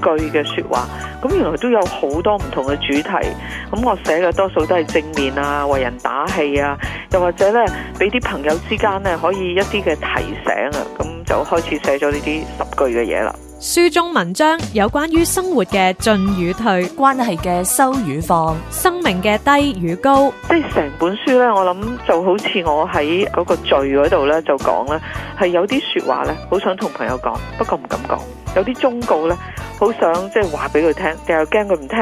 句嘅說話，咁原來都有好多唔同嘅主題，咁我寫嘅多數都係正面啊，為人打氣啊，又或者呢，俾啲朋友之間呢，可以一啲嘅提醒啊，咁就開始寫咗呢啲十句嘅嘢啦。書中文章有關於生活嘅進與退，關係嘅收與放，生命嘅低與高。即係成本書咧，我諗就好似我喺嗰個序嗰度咧，就講咧係有啲說話咧，好想同朋友講，不過唔敢講；有啲忠告咧，好想即係話俾佢聽，但又驚佢唔聽；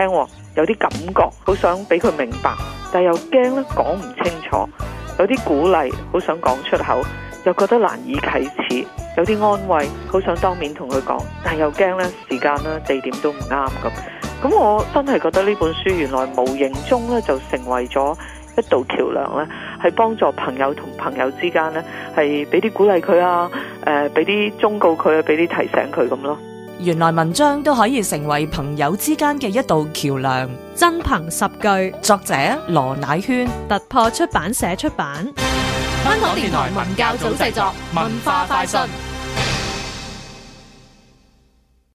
有啲感覺好想俾佢明白，但係又驚咧講唔清楚；有啲鼓勵好想講出口，又覺得難以啟齒。有啲安慰，好想當面同佢講，但係又驚咧時間啦、地點都唔啱咁。咁我真係覺得呢本書原來無形中咧就成為咗一道橋樑咧，係幫助朋友同朋友之間咧係俾啲鼓勵佢啊，誒俾啲忠告佢啊，俾啲提醒佢咁咯。原來文章都可以成為朋友之間嘅一道橋樑，真憑十句。作者羅乃萱，突破出版社出版。香港電台文教組製作，文化快訊。